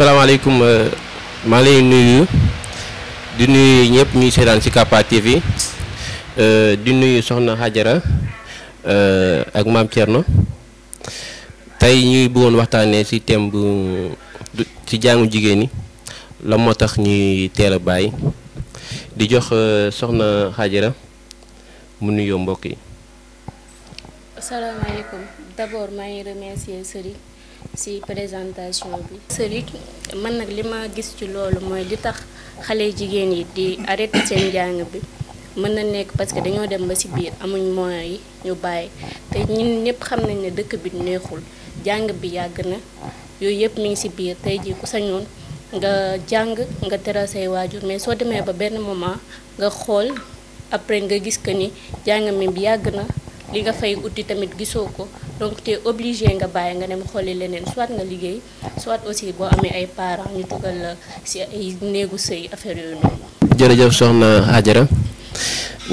salaamaaleykum euh, mala lay nuyu di nuyu ñëpp ñuy seetaan ci Capa TV euh, di nuyu Soxna Hajara euh, ak maam Thierno tey ñuy bëggoon waxtaanee ci thème bu ci jàngu jigéen ñi la moo tax ñuy teel a bàyyi di jox Soxna Hajara mu nuyoo mbokk yi. salaamaaleykum d'abord maa ngi remercier ci présentation bi. sëriñ man nag li ma gis ci loolu mooy li tax xale jigéen yi di arrêté seen jàng bi mën na nekk parce que dañoo dem ba ci biir amuñ moyens yi ñu bàyyi te ñun ñëpp xam nañ ne dëkk bi neexul jàng bi yàgg na yooyu yëpp mi ngi ci biir tey jii ku sañoon nga jàng nga teral waajur mais soo demee ba benn moment nga xool après nga gis que ni jàng mi bi yàgg na li nga fay uti tamit gisoo ko. donc te obligé nga bàyyi nga dem xooli leneen soit nga liggéey soit aussi boo amee ay parents ñu dugal la si ay néegu sëy affaire yooyu noonu. jërëjëf soxna Adjara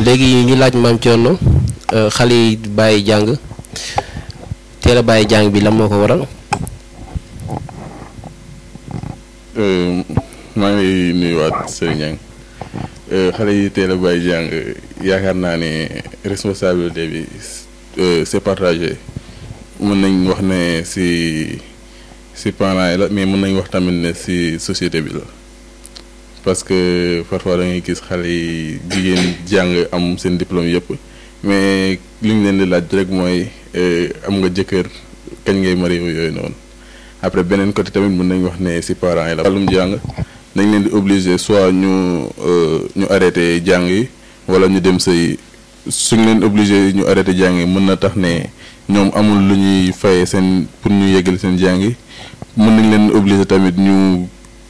léegi ñu laaj maam Thierno euh, xale yi bàyyi jàng teel a bàyyi jàng bi lan moo ko waral. Euh, maa ngi nuyuwaat euh, xale yi teel a yaakaar naa ne responsabilité bi c'est partagé. mën nañ wax ne si si parents yi la mais mën nañ wax tamit ne si société bi la parce que parfois da ngay gis xale yi jigéen jàng am seen diplôme yëpp mais li ñu leen di laaj rek mooy eh, am nga jëkkër kañ ngay marié yooyu noonu après beneen côté tamit mën nañ wax ne si parents yi la wàllum jàng nañ leen di obligé soit ñu euh, ñu arrêté jàng yi wala ñu dem sëy suñ leen obligé ñu arrêté jàng yi mën na tax ne ñoom amul lu ñuy fayee seen pour ñu yeggali seen jàngi mën nañ leen obligé tamit ñu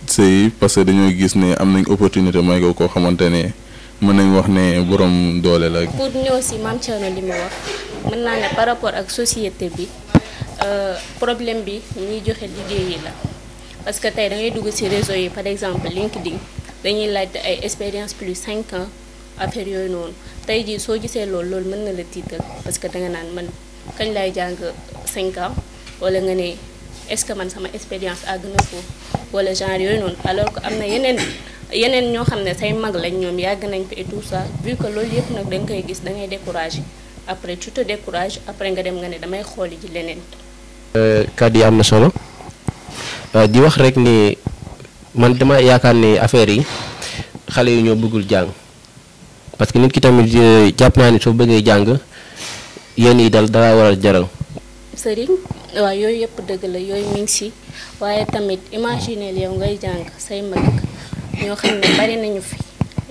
sëy parce que dañoo gis ne am nañ opportunité mooy ko koo xamante ne mën nañ wax ne borom doole la. pour ñëw si maam Thierno li wax mën naa ne par rapport ak société bi euh, problème bi ñuy joxe liggéey yi la parce que tey dangay dugg si réseau yi par exemple LinkedIn dañuy laajte ay expérience plus cinq ans affaire yooyu noonu tey jii soo gisee loolu lool mën na la tiital parce que danga naan man. kañ laay jàng 5 ans wala nga ne est-ce que man sama expérience àgg na a foofu wala genre yooyu noonu alors que am na yeneen yeneen ñoo xam ne say mag lañ ñoom yàgg nañ fi et tout sax vu que loolu yëpp nag da nga koy gis dangay ngay découragé après tu après nga dem nga ne damay xooli ji leneen. Euh, kàddu yi am na solo euh, di wax rek ni man dama yaakaar ni affaire yi xale yi ñoo bëggul jàng parce que nit ki tamit euh, jàpp naa ne soo bëggee jàng. yéen yi dal dara war a jaral. sëriñ waaw yooyu yëpp dëgg la yooyu mi ngi si waaye tamit imaginer yow ngay jàng say mag ñoo xam ne bari nañu fi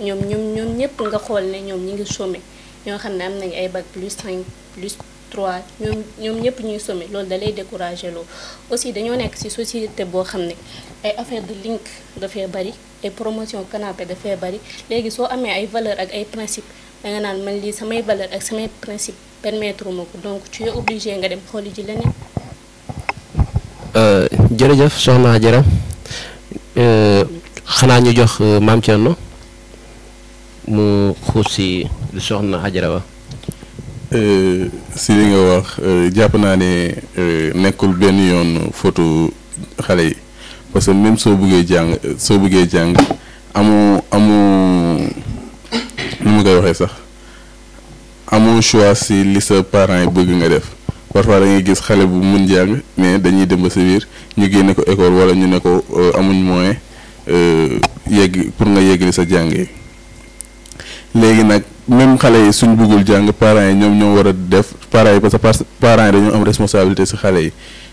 ñoom ñoom ñoom ñëpp nga xool ne ñoom ñi ngi somme ñoo xam ne am nañu ay bac plus 5 plus 3 ñoom ñoom ñëpp ñuy somme loolu da lay découragé loolu aussi dañoo nekk ci société boo xam ne ay affaire de link dafay bari ay promotion canapé dafay bari léegi soo amee ay valeur ak ay principe da naan man lii samay valeur ak samay principe permettre ma ko donc tu es obligé nga dem xooli ji leneen. Euh, jërëjëf soxna Adjara euh, xanaa ñu jox euh, maam Thierno mu xuus si soxna Adjara wa si li nga wax jàpp naa ne nekkul benn yoon photo xale yi parce que même soo buggee jàng soo buggee jàng amoo amoo nu ma koy waxee sax. amoo choix si li sa parents yi bëgg nga def parfois da ngay gis xale bu mun jàng mais dañuy dem ba sa biir ñu génne ko école wala ñu ne ko euh, amuñ moyen euh, yegg pour nga yeggali sa jàng yi léegi nag même xale yi suñ bëggul jàng parents yi ñoom ñoo war a def parents yi parce que parent yi dañoo am responsabilité si xale yi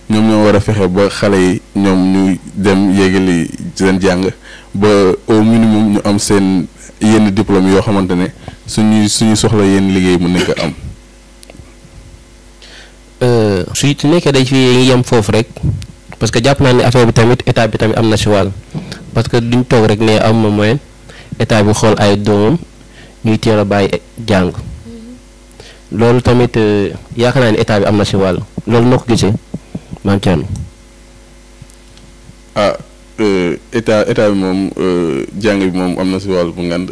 ñoom ñoo war a fexe ba xale yi ñoom ñu dem yeggali seen jàng ba au minimum ñu am seen yenn diplôme yoo xamante ne suñuy suñu soxla yéen liggéey mu nekk am. Euh, su it nekkee day fi yem foofu rek parce que jàpp naa ne affaire bi tamit état bi tamit am na si wàll parce que duñ toog rek ne am ma moyen état bi xool ay doomam ñuy teel a bàyyi jàng mhm. loolu tamit euh, yaakaar naa ne état bi am na si wàll loolu noo ko gisee maam Thierno. ah euh, état état bi moom jàng bi moom am na si wàll bu ngand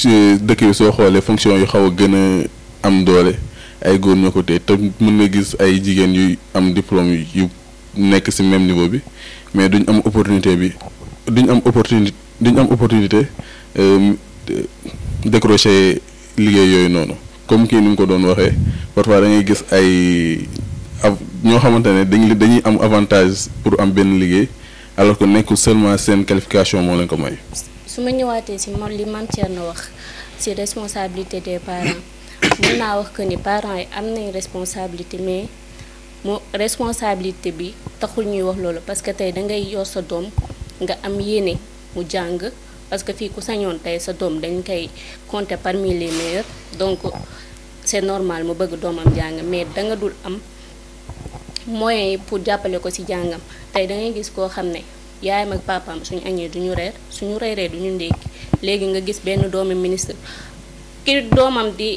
ci dëkk bi soo xoolee fonction yu xaw a gën a am doole ay góor ñoo ko téye te mën nga gis ay jigéen yuy am diplôme yu nekk ci même niveau bi mais duñ am opportunité bi duñ am opportunité duñ am opportunité euh, décrocher liggéey yooyu noonu comme kii ni mu ko doon waxee parfois da ngay gis ay a ñoo xamante ne dañ dañuy am avantage pour am benn liggéey alors que nekkul seulement seen qualification moo leen ko may su ma ñëwaatee si moom li Mame na wax si responsabilité des parents mun naa wax que ni parent yi am nañ responsabilité mais mu responsabilité bi taxul ñuy wax loolu parce que tey da ngay yor sa doom nga am yéene mu jàng parce que fii ku sañoon tey sa doom dañ koy compter parmi les maire donc c'est normal mu bëgg doomam jàng mais danga dul am moyen yi pour jàppale ko ci jàngam tey da ngay gis koo xam ne yaayam ak papaam suñu añee duñu reer suñu reeree duñu ndékki léegi nga gis benn doomi ministre ki doomam di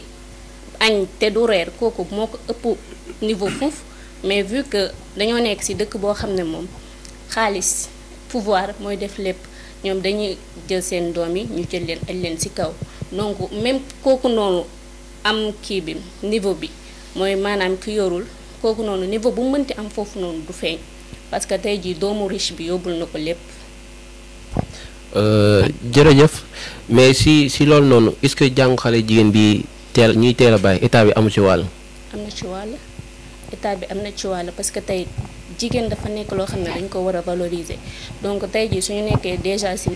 añ te du reer kooku moo ko ëpp niveau foofu mais vu que dañoo nekk ci dëkk boo xam ne moom xaalis pouvoir mooy def lépp ñoom dañuy jël seen doom yi ñu jël leen aj leen ci kaw donc même kooku noonu am kii bi niveau bi mooy maanaam ki yorul kooku noonu niveau bu mënti am foofu noonu du feeñ parce que tey jii doomu riche bi yóbbul na ko lépp. Euh, jërëjëf mais si si loolu noonu est-ce que jàng xale jigéen bi teel ñuy teel a bàyyi état bi amu ci wàll. am na ci wàll état bi am na ci wàll parce que tey jigéen dafa nekk loo xam ne dañ ko war a valoriser donc tey jii su ñu nekkee déjà si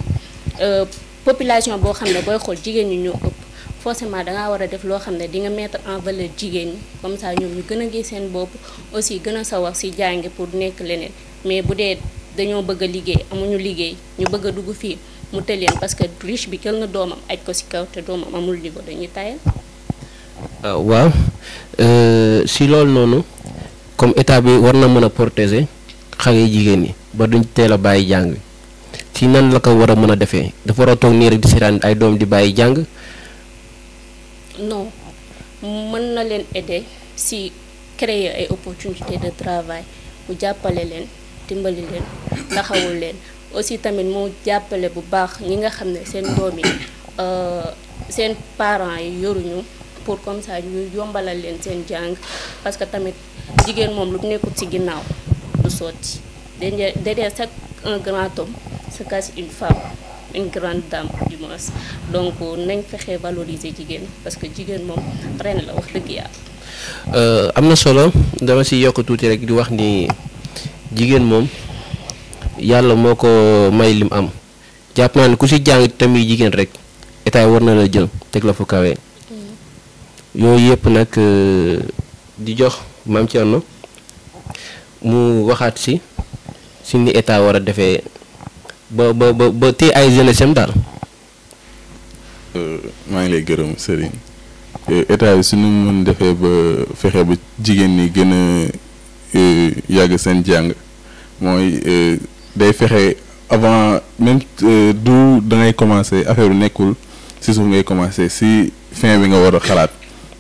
euh, population boo xam ne booy xool jigéen ñi ñoo ëpp. forcément dangaa war a def loo xam ne di nga mettre en valeur jigéen ñi comme ça ñoom ñu gën a gis seen bopp aussi gën a sawar ci jàngi pour nekk leneen mais bu dee dañoo bëgg a liggéey amuñu liggéey ñu bëgg a dugg fii mu tëleen parce que riche bi jël na doomam aj ko ci kaw te doomam amul niveau dañuy tayal ah, waaw euh, si loolu noonu comme état bi war na mën a protéger xale jigéen yi ba duñ teel a bàyyi jàng si nan la ko war a mën a defee dafa war a toog nii rek di seetaan ay doom di bàyyi jàng. no mën na leen aider si créer ay opportunités de travail mu jàppale leen. dimbali leen taxawul leen aussi tamit mu jàppale bu baax ñi nga xam ne seen doom yi euh, seen parents yi yoruñu pour comme ça ñu yombalal leen seen jàng parce que tamit jigéen moom lu nekkul ci ginnaaw du sotti derrière chaque un grand homme se cache une femme une grande dame du moins donc nañ fexe valoriser jigéen parce que jigéen moom ren la wax dëgg yàlla. Euh, am na solo dama si yokk tuuti rek di wax ni. jigéen moom yàlla moo ko may lim am jàpp naa ne ku si jàng tamit jigéen rek état war na la jël teg la fu kawe yooyu yépp nag euh, di jox maam Thierno mu waxaat si si ni état war a defee ba ba ba ba téye ay jeunesse am daal. Euh, maa ngi lay gërëm Serigne euh, état bi suñu mën defee ba fexe ba jigéen ñi gën a yàgg seen jàng. mooy euh, day fexe avant même euh, du da ngay commencer affaire bi nekkul si suuf ngay commencer si fin bi nga war a xalaat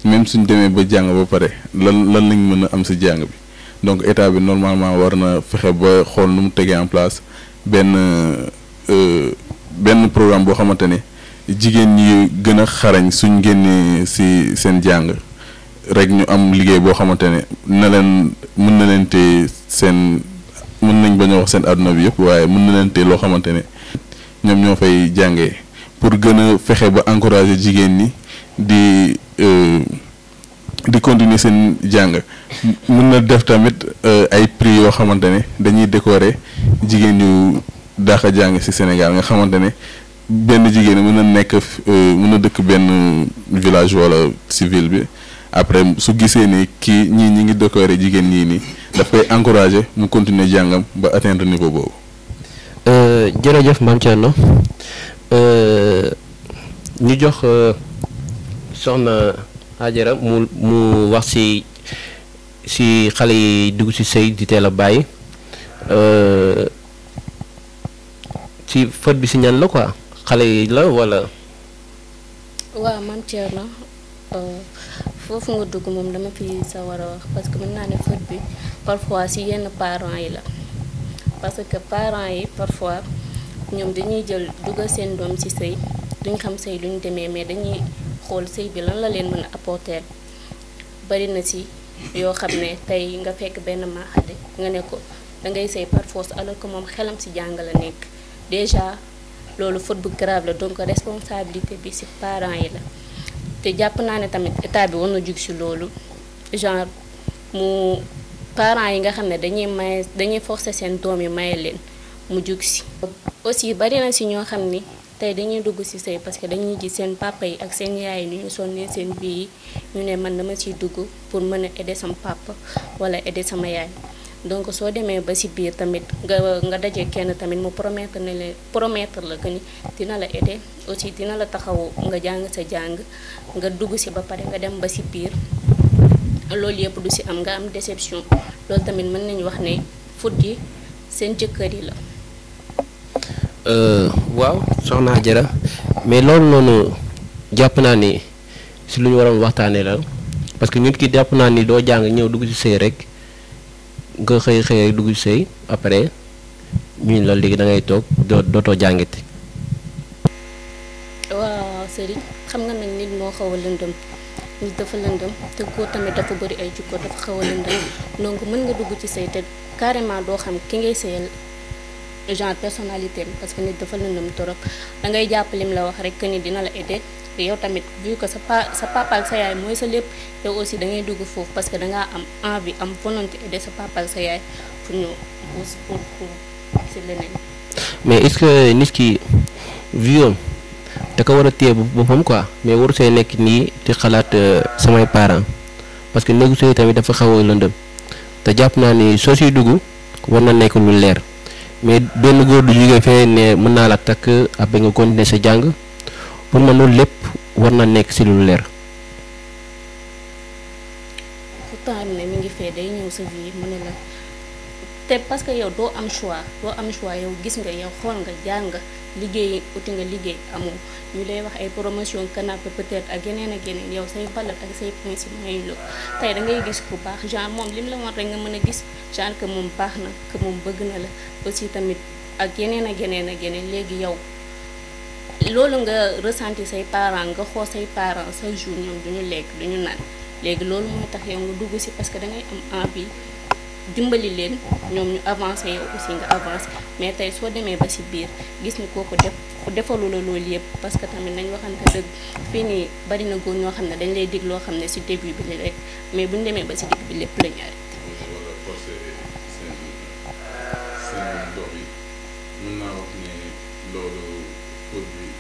même suñ demee ba jàng ba pare lan lan lañ mën a am si jàng bi donc état bi normalement war na fexe ba xool nu mu tegee en place benn euh, benn programme boo xamante ne jigéen ñi gën a xarañ suñ génnee si seen jàng rek ñu am liggéey boo xamante ne na leen mën na leen téye seen. mën nañ bañ a wax seen àdduna bi yëpp waaye mën na leen tee loo xamante ne ñoom ñoo fay jàngee pour gën a fexe ba encourager jigéen ñi di euh, di continuer seen jàng mën na def tamit euh, ay prix yoo xamante ne dañuy décorer jigéen yu dàq jàng ci Sénégal nga xamante ne benn jigéen mën na nekk euh, mun na dëkk benn village walla ci ville bi après su gisee ni ki ñi ñi ngi décoré jigen ñi ni daf koy encourager mu continuer jangam ba atteindre niveau bobu euh boobu. jërëjëf maam Thierno euh, ñu jox euh, soxna Hajara mu mu wax ci ci xale yi dugg si sëy di téla a euh ci fot bi ci ñan la quoi xale yi la wala. wa waaw maam Thierno. Euh, foofu nga dugg moom dama fi sa war a wax parce que mën naa ne faute bi parfois ci yenn parents yi la parce que parent yi parfois ñoom dañuy jël dugal seen doom ci sëy duñ xam sëy duñ demee mais dañuy xool sëy bi lan la leen mën a apporter bari na ci yoo xam ne tey nga fekk benn maaxade nga ne ko da ngay sëy par force alors que moom xelam ci jàng la nekk déjà loolu faute bu grave la donc responsabilité bi ci parents yi la. te jàpp naa ne tamit état bi war na jug si loolu genre mu parents yi nga xam ne dañuy maye dañuy forcer seen doom yi maye leen mu jug si. aussi bari na si ñoo xam ni tey dañuy dugg si sëy parce que dañuy gis seen papa yi ak seen yaay yi ñu sonnee seen bii yi ñu ne man dama ciy dugg pour mën a aider sama papa wala aider sama yaay. donc soo demee ba si biir tamit nga nga daje kenn tamit mu promettre ne le promettre la que ni dina la aidé aussi dina la taxaw nga jàng sa jàng nga dugg si ba pare nga dem ba si biir loolu yëpp du si am nga am déception loolu tamit mën nañu wax ne foot yi seen jëkkër yi la euh, waaw soxna jara mais loolu noonu jàpp naa ni si lu ñu waroon waxtaanee la parce que ki jàpp naa ni doo jàng ñëw dugg si sëy rek nga xëy xëy dugg sëy après ñuy la léegi dangay ngay toog doo dootoo jàngite. waaw Serigne xam nga nag nit moo xaw a lëndëm nit dafa lëndëm te góor tamit dafa bëri ay jikko dafa xaw a lëndëm donc mën nga dugg ci sëy te carrément doo xam ki ngay sëyal genre personnalité parce que nit dafa lëndëm torop da ngay jàpp lim la wax rek que ni dina la aider. que yow tamit vu que sa pa sa papa ak sa yaay mooy sa lépp yow aussi da ngay dugg foofu parce que dangaa am envie am volonté de sa papa ak sa yaay pour ñu pour pour si leneen. mais est-ce que nit ki vieux da ko war a téye boppam quoi mais waru see nekk nii di xalaat euh, samay parents parce que négocier tamit dafa xaw a lëndëm te jàpp naa ni soo siy dugg war na nekk lu leer mais benn góor du jógee fee ne mën naa la takk après nga continuer sa jàng. pour ma loolu lépp war na nekk ci lu leer. fu xam ne mi ngi fee day ñëw sa vie mu ne la te parce que yow doo am choix doo am choix yow gis nga yow xool nga jaar nga liggéey uti nga liggéey amul ñu lay wax ay promotion canapé peut-être ak yeneen ak yeneen yow say valeur ak say principe da ngay gis ku baax genre moom lim la war rek nga mën a gis genre moom baax na moom bëgg na la aussi tamit ak yeneen ak yeneen ak léegi yow. loolu nga ressenti say parents nga xool say parents chaque jour ñoom duñu lekk duñu naan léegi loolu mooy tax yow nga dugg si parce que da ngay am envie dimbali leen ñoom ñu avancé yow aussi nga avancé mais tey soo demee ba ci biir gis ni kooku def defalu la loolu yëpp parce que tamit nañ waxante dëgg fii nii bari na góor ñoo xam ne dañ lay dig loo xam ne ci début bi rek mais buñu demee ba ci digg bi lépp la ñaari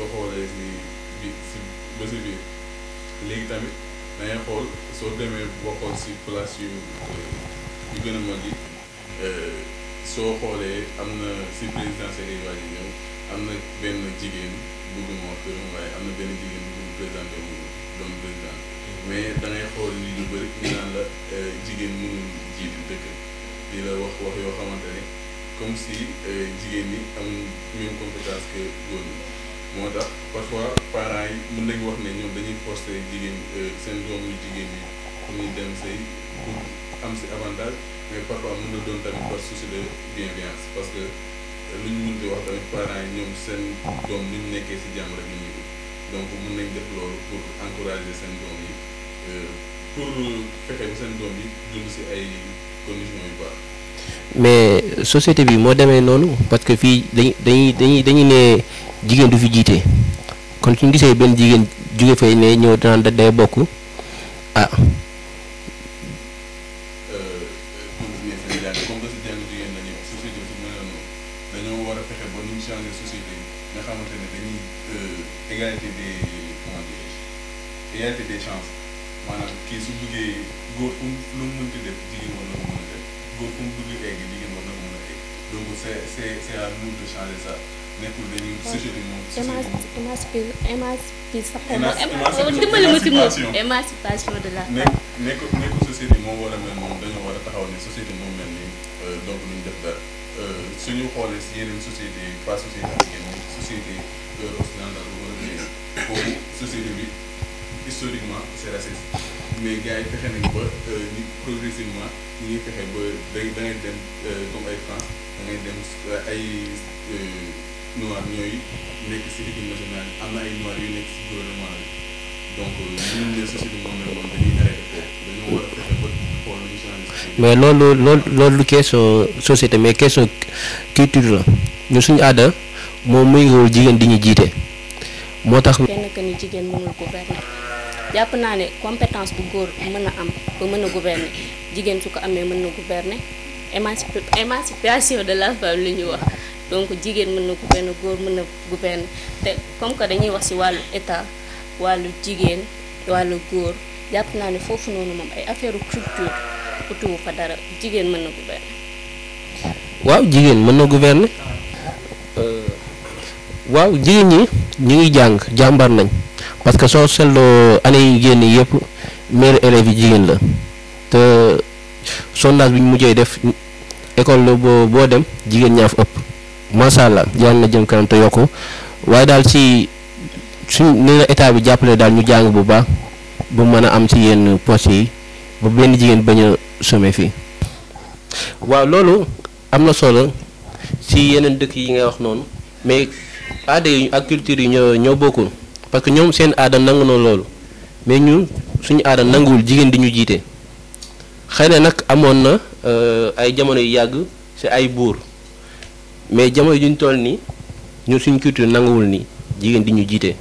soo xoolee si bi si ba léegi tamit da ngay xool soo demee boo si place yu yu gën a mag yi eh, soo xoolee am na si présidentielle yi waaj ñëw am na benn jigéen bëgguma wax turam waaye am na benn jigéen bu ñu présenté wu doon président mais da xool ni lu bëri ñu naan la eh, jigéen mënul jiitu dëkk di la wax wax yoo xamante comme si eh, jigéen ñi am même compétence que góor ñi moo tax parfois parents yi mën nañu wax ne ñoom dañuy forcer jigéen euh, seen doom yu jigéen yi pour ñu dem say pour am si avantage mais parfois mën na doon tamit par souci de bienveillance parce que euh, lu ñu mën di wax tamit parents yi ñoom seen doom ni ñu nekkee si jàmm rek ñu ñëw donc mun nañ def loolu pour encourager seen doom yi euh, pour fexe bi seen doom yi dund si ay conditions yu baax. mais société bi moo demee noonu parce que fii dañuy dañuy dañuy dañuy jigéen du fi jiite kon suñ gisee benn jigéen jóge fay ne ñëw danaan da day bokk ah. égalité des chances maanaam kii su bëggee góor fu lu mu mënti def jigéen war na ko góor fu mu bëgg egg jigéen war na ko mën c'est c'est c'est à de changer ça. nekkul dañuy société oh, moom. émancipé émancipation émancipation de la femme. nekk nekk moom war a mel moom dañoo war taxaw ne société moom mel ni euh, donc luñ def dara euh, suñu xoolee si yeneen société pas société africaine mais société occidentale wala mais bi historiquement c'est raciste mais gars yi fexe nañ ba ñu euh, progressivement ñu ngi fexe ba da ngay dem comme ay France da ngay dem ay. noir ñooy nekk si équipe nationale am na ay noir yu nekk si gouvernement bi donc ñun les société moom la moom dañuy arrêté dañoo war a fexe ba xool ñu changer mais loolu loolu loolu question société mais question culture la ñu suñu aada moom muy ngoo jigéen di ñu jiite moo tax kenn que ni jigéen mënul gouverner jàpp naa ne compétence bu góor mën am ba mën a gouverner jigéen su ko amee mën na gouverner émancipation de la femme li ñu wax donc jigéen mën na ku benn góor mën na ku te comme que dañuy wax ci wàllu état wàllu jigéen wàllu góor yàpp naa ne foofu noonu moom ay affaire culture utuwu fa dara jigéen mën na gouverner. waaw jigéen mën na gouverner euh, waaw jigéen ñi ñu ngi jàng jàmbar nañ parce que soo seetloo année yi génn yëpp meilleur élèves yi jigéen la te sondage bi ñu mujjee def école boo boo dem jigéen ñaa ëpp macha allah yàlla na jëm kanam te yokku waaye daal ci su nee na état bi jàppale daal ñu jàng bu baax bu mën a am ci yenn poste yi ba benn jigéen bañ some fii. waaw loolu am na solo ci yeneen dëkk yi ngay wax noonu mais aada yi ak culture yi ñoo ñoo bokkul parce que ñoom seen aada nangu na loolu mais ñun suñu aada nanguwul jigéen di ñu jiite xëy na nag amoon na euh, ay jamono yu yàgg si ay buur. mais jamono juñ toll nii ñun suñ culture nanguwul nii jigéen di ñu jiite.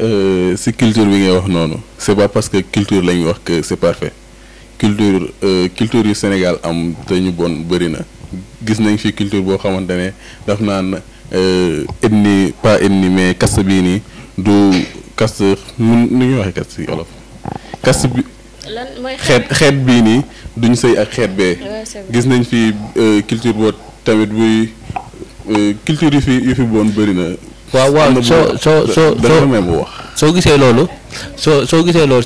Euh, si culture bi ngay wax noonu c'est pas parce que culture lañ wax que c'est parfait euh, culture yu Sénégal am te ñu bon bëri na gis nañ fi culture boo xamante ne daf naan euh, ethnie pas ethnie mais caste bii nii du caste mun nu ñuy waxee caste si olof caste bi. xeet xeet bii nii duñ sëy ak xeet bee. gis nañ fi culture boo. tamit buy euh, culture yu fi yi fi bon bëri na. waaw waaw soo soo soo soo soo gisee loolu soo soo gisee loolu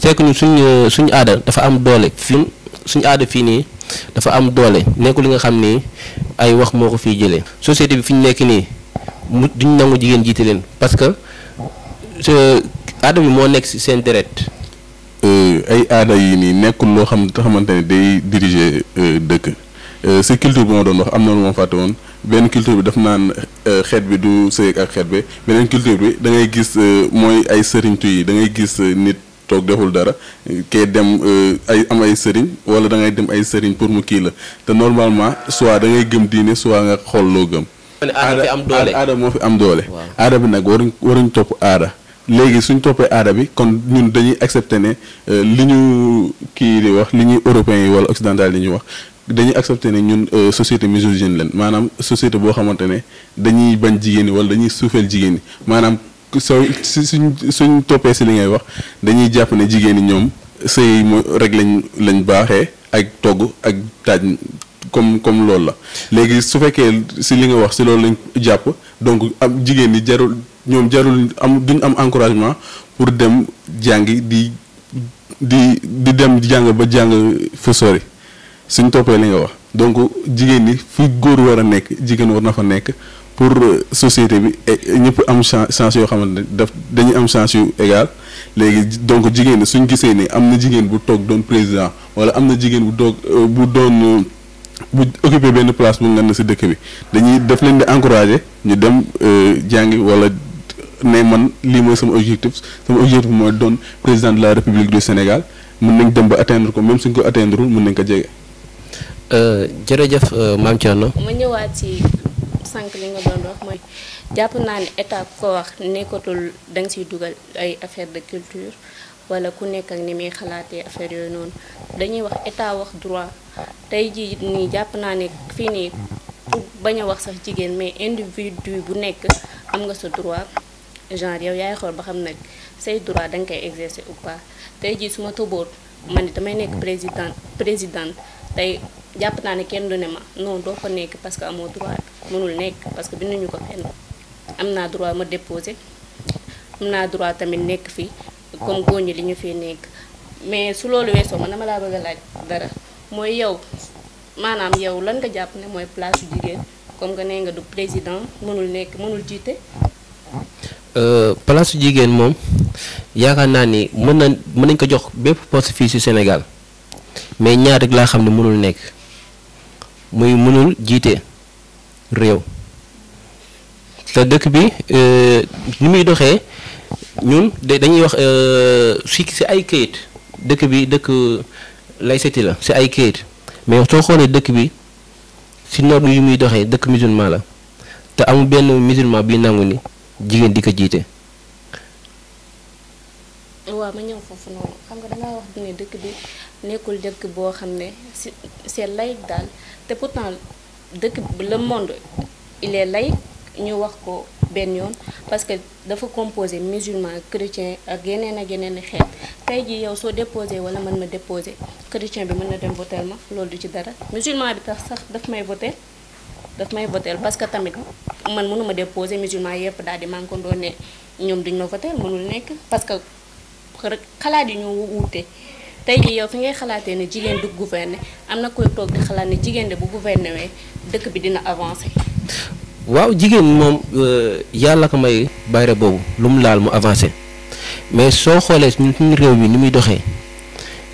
c'est que ñun c'est suñu suñu aada dafa am doole fii suñu aada fii nii dafa am doole nekkul li nga xam ni ay wax moo ko fiy jëlee. société bi fi ñu nekk nii mu duñ nangu jigéen jiite leen parce que aada bi moo nekk si seen deret. Euh, ay aada yi nii nekkul loo xam xamante ne day diriger euh, dëkk. Euh, si culture bu ma doon wax am na lu ma fàtte woon benn culture bi daf naan euh, xeet bi du sëy ak xeet bi beneen culture bi da ngay gis euh, mooy ay sëriñtu yi da ngay gis nit toog deful dara kay dem ay am ay sëriñ wala dangay dem ay sëriñ pour mu kii la te normalement soit da ngay gëm diine soit nga xool loo gëm. aada aada moo fi am doole. aada bi nag waruñ waruñ topp aada. léegi suñ toppee aada bi kon ñun dañuy accepté ne li ñu kii di wax li ñuy européens yi wala occidentaux yi ñu wax dañuy accepté ne ñun euh, société misogyne leen maanaam société boo xamante ne dañuy bañ jigéen ñi wala dañuy suufeel jigéen ñi maanaam soo suñ suñ toppee si li ngay wax dañuy jàpp ne jigéen ñi ñoom sëy mo rek lañ lañ baaxee ak togg ak taaj comme comme loolu la léegi su fekkee si li nga wax si loolu lañ jàpp donc am jigéen ñi jarul ñoom jarul am duñ am encouragement pour dem jàngi di di di dem jàng ba jàng fa sori suñ toppee li nga wax donc jigéen ñi fi góor war a nekk jigéen war na fa nekk pour euh, société bi eh, ñëpp am chance yoo xamante ne daf dañuy am chance yu égal léegi donc jigéen ñi suñ gisee ne am na jigéen bu toog doon président wala am na jigéen bu toog euh, bu doon bu occupé benn place bu nga na si dëkk bi dañuy daf leen di encourager ñu dem euh, jàngi wala ne man lii mooy sama objectif sama objectif mooy doon président de la république du Sénégal mun nañ dem ba atteindre ko même suñ ko atteindreul mën nañ ko jege Euh, jërëjëf euh, maam Thierno. ma ñëwaat si sànq li nga doon wax mooy jàpp naa ne état ko wax nekkatul da nga siy dugal ay affaire de culture wala ku nekk ak ni muy xalaatee affaire yooyu noonu dañuy wax état wax droit tey jiit nii jàpp naa ne fii nii bañ a wax sax jigéen mais individu bu nekk am nga sa droit genre yow yaay xool ba xam nag say droit da nga koy exercer ou pas tey jii suma ma tëboot man damay nekk président présidente tey. japp na ne kenn du ne ma non do ko nek, parce que amo droit munul nek parce que binduñu ko fenn am droit ma déposer am droit tamit nek fi comme goñu li ñu fi nek mais su lolu wesso man dama la bëgg laaj dara moy yow manam yow lan nga japp ne moy place jigen comme nga ne nga du président nek munul jité euh place jigen mom moom na ni mën nañ ko jox bépp poste fi ci Sénégal mais ñaar rek la xamni mënul nek muy mënul jiite réew te dëkk bi euh, ni muy doxee ñun dañuy wax euh, si si ay këyit dëkk bi dëkk lay seti la si ay kayit mais soo xoolee dëkk bi si norme yu muy doxee dëkk musulman la te amul benn musulman bi nangu ni jigéen di ko jiite. waaw ma ñëw foofu noonu xam nga dangaa wax ne dëkk bi nekkul dëkk boo xam ne si c'est laïque daal. te pourtant dëkk le monde il est laïque ñu wax ko benn yoon parce que dafa composé musulman chrétien ak yeneen ak yeneen i xeet tey jii yow soo déposé wala mën ma déposé chrétien bi mën na dem votel ma loolu du ci dara musulman bi tax sax daf may voté daf may votel parce que tamit man mënuma déposé musulman yëpp daal di mànkandoo ne ñoom duñ ma votel mënul nekk parce que xalaat yi ñu wuute tey jii yow fi ngay xalaatee ne jigéen du gouverner am na koy toog di xalaat ne jigéen de bu gouverner wee dëkk bi dina avancé. waaw jigéen moom euh, yàlla ko may bayre boobu lu mu laal mu avancé mais soo xoolee suñu réew mi nu muy doxee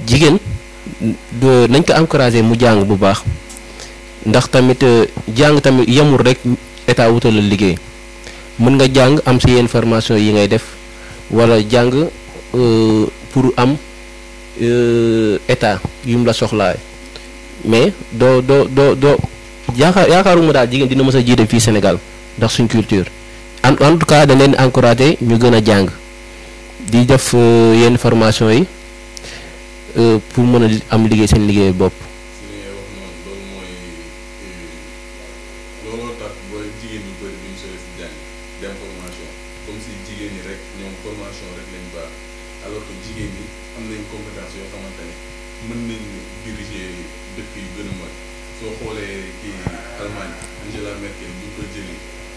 jigéen nañ ko encouragé mu jàng bu baax ndax tamit euh, jàng tamit yemul rek état wutalal liggéey mën nga jàng am si yenn formation yi ngay def walla jàng euh, pour am. Euh, état yu mu la soxlaay mais doo doo doo doo yaakaar yaakaaruma daal jigéen dina mës a jiite fii Sénégal ndax suñ culture en en tout cas dañ leen encouragé ñu gën a jàng di def euh, yenn formation yi euh, pour mën a am liggéey seen liggéey bopp.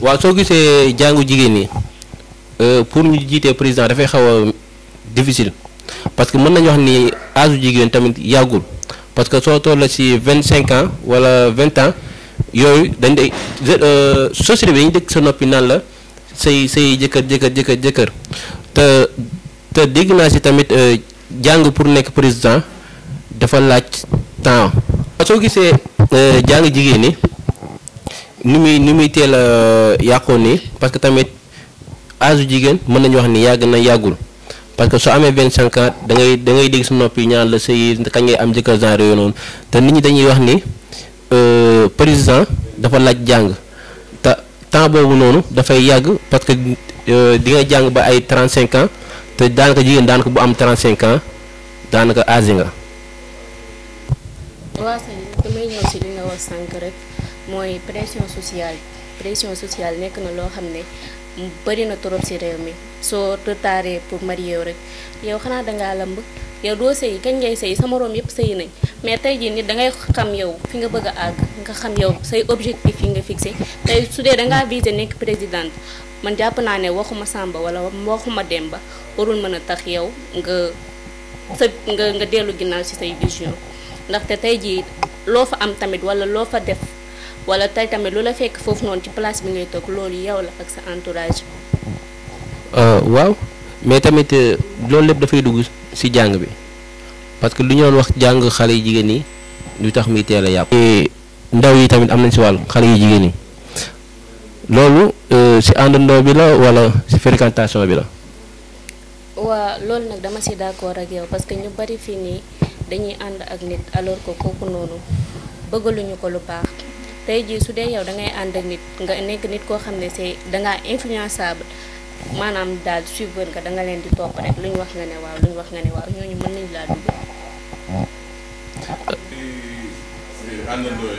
waaw soo gisee jàngu jigéen ñi euh, pour ñu jiitee président dafay xaw a difficile parce que mën nañ wax ni âge jigéen tamit yàggul parce que soo toll si vingt cinq ans wala vingt ans yooyu dañ day euh, société bi dañu dëkk sa noppi naan la say say jëkkër jëkkër jëkkër jëkkër te te dégg naa si tamit euh, jàng pour nekk président dafa laaj temps soo gisee Euh, jàng jigéen ñi ni muy ni muy teel a yàqoo nii parce que tamit âge jigéen mën nañu wax ni yàgg nañ yàggul parce que soo amee vingt cinq ans da ngay da ngay dégg sa noppi ñaan la sëy kañ ngay am jëkkër genre yooyu noonu te nit ñi dañuy wax ni euh, président dafa laaj jàng te temps boobu noonu dafay yàgg parce que euh, di nga jàng ba ay trente cinq ans te daanaka jigéen daanaka bu am trente cinq ans daanaka âge nga. sànq rek mooy pression sociale pression sociale nekk na loo xam ne bëri na trop ci réew mi soo retardé pour marié yow rek yow xanaa dangaa lamb yow doo sëy kañ ngay sëy sa moroom yëpp sëy nañ mais tey ji nit dangay xam yow fi nga bëgg a àgg nga xam yow say objectif yi nga fixe tey su dee dangaa visé nekk présidente man jàpp naa ne waxuma sàmba wala waxuma Demba warul mën a tax yow nga sa nga nga dellu ginnaaw ci say vision ndaxte tey jii lo fa am tamit wala lo fa def wala tay tamit lu la fekk fofu non ci place bi ngay tok loolu yow la ak sa entourage waw mais tamit lepp da fay dugg si jang bi parce que lu ñu wax jang xalé jigen ni ñu tax mi téla yapp yàpp ndaw yi tamit am nañ si andon xalé jigen ni si àndandoo bi la wala ci fréquentation bi la wa nak dama si d'accord ak yow parce que ñu bari dañuy and ak nit alors que kooku noonu bëggaluñu ko lu baax tay ji su dé yow da ngay and ak nit nga nek nit ko xamné c'est da nga influençable manam dal suiveur nga da nga len di top rek luñ wax nga né waaw luñ wax nga né waaw ñooñu mën nañ la dugg. Euh, àndandoo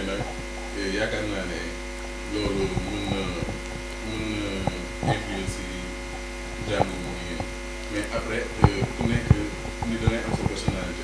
euh, mais après euh, ku nekk ni da ngay am sa personnalité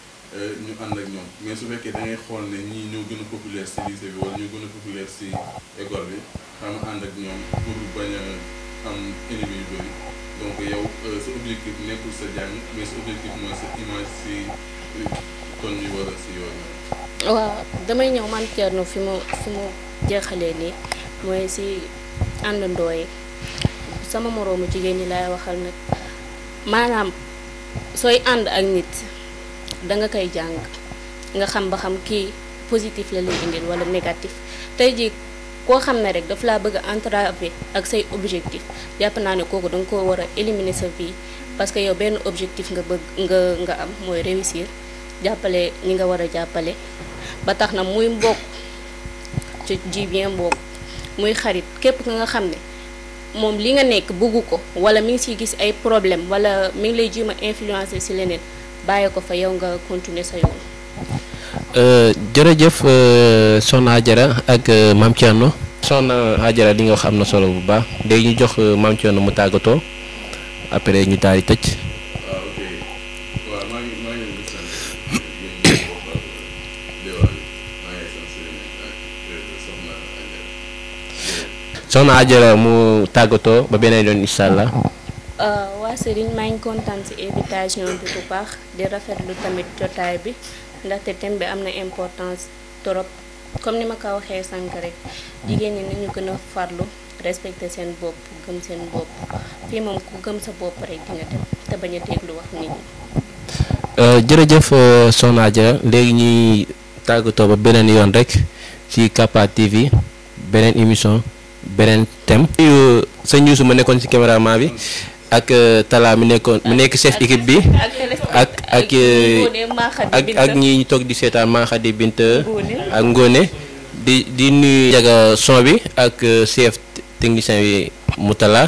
Euh, ñu ànd ak ñoom mais su fekkee da ngay xool ne ñii ñoo gën a populaire si lycée bi wala ñoo gën a populaire si école bi xam ànd ak ñoom pour bañ a am ennemi yu bëri donc yow euh, sa nekkul sa jàng mais sa objectif mooy si euh, kon ñu ñëw man Thierno fi mu fi mu jeexalee si àndandoo sama moroomu jigéen ñi laay waxal ne maanaam sooy ànd ak nit. da nga koy jàng nga xam ba xam kii positif la lay indil wala négatif tey jii koo xam ne rek daf laa bëgg a entraver ak say objectif jàpp naa ne kooku da nga koo war a éliminer sa vie parce que yow benn objectif nga bëgg nga nga am mooy réussir jàppale ñi nga war a jàppale ba tax na muy mbokk ci ji bien mbokk muy xarit képp ka nga xam ne moom li nga nekk bëggu ko wala mu ngi siy gis ay problème wala mu ngi lay jéem a influencer si leneen bàyyi ko yow nga continuer sa euh, jërëjëf euh, soxna ajara ak euh, maam Thierno. soxna Adjara li nga wax am na solo bu baax léegi ñu jox maam Thierno mu tàggatoo après ñu daal di tëj. Ah, soxna mu tàggatoo ba beneen yoon incha waaw Serigne maa contane ci invitation bi bu baax di rafetlu tamit jotaay bi ndaxte thème bi amna importance torop comme ni ma ka waxee sank rek jigéen ni nañu gëna farlu respecté sen bop gëm sen bop fi mom ku gëm sa bop rek di nga dem te baña a déglu wax nit ñi. Euh, jërëjëf euh, Soxna Adja légui ñi tàggatoo toba benen yoon rek ci kapa TV benen émission beneen thème. Euh, sëñ Youssou ma nekkon ci caméraman bi. ak euh, talaa mi nekkoon mu nekk chef équipe bi ak ak ak euh, ñi toog di seetaan Maxadi Binta ak Ngone di di nuyu jaga son bi ak euh, chef technicien bi Moutala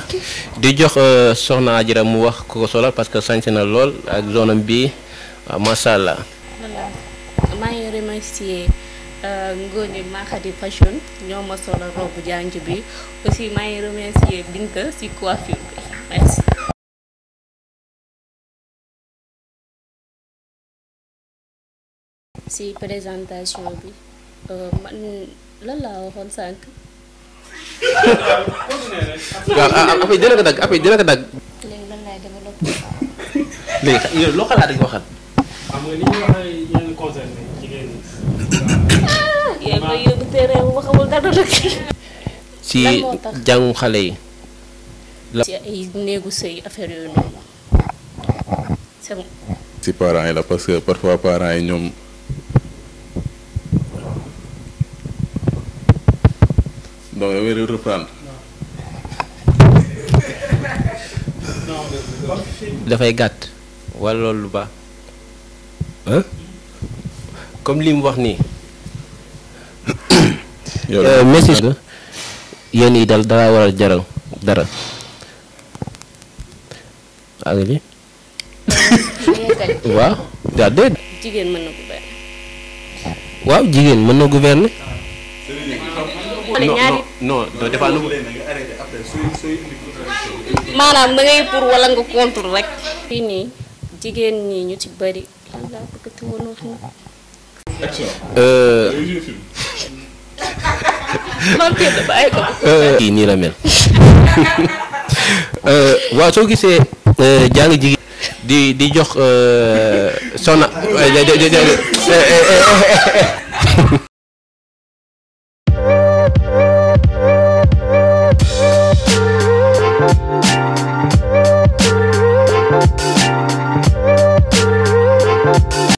di jox soxna Ajira mu wax ko ko solal parce que sañse na lool ak zone bi macha allah. maa ngi remercier Ngone Maxadi Fashion bi aussi maa ngi remercier Binta si bi si présentation bi euh, man lan laa waxoon sànq. waaw après ah, ah, dina ko dagg après dina ko dagg. léegi lan laay développé. waxal. ci ah, jàngum xale yi. la ci ay néegu sëy affaire yooyu noonu si parents yi la parce que parfois parents yi ñoom. dafay gàtt wala loolu lu comme li mu wax nii. Euh, message la yéen yi dal dara waral jaral dara. waaw. jigéen mën na gouverner. waaw boole ñaari no, non dafa lu maanaam da ngay pour wala nga contre rek fii nii jigéen ñi ñu ci bari yàlla bëgg te woon la mel eh, eh, di di jox sona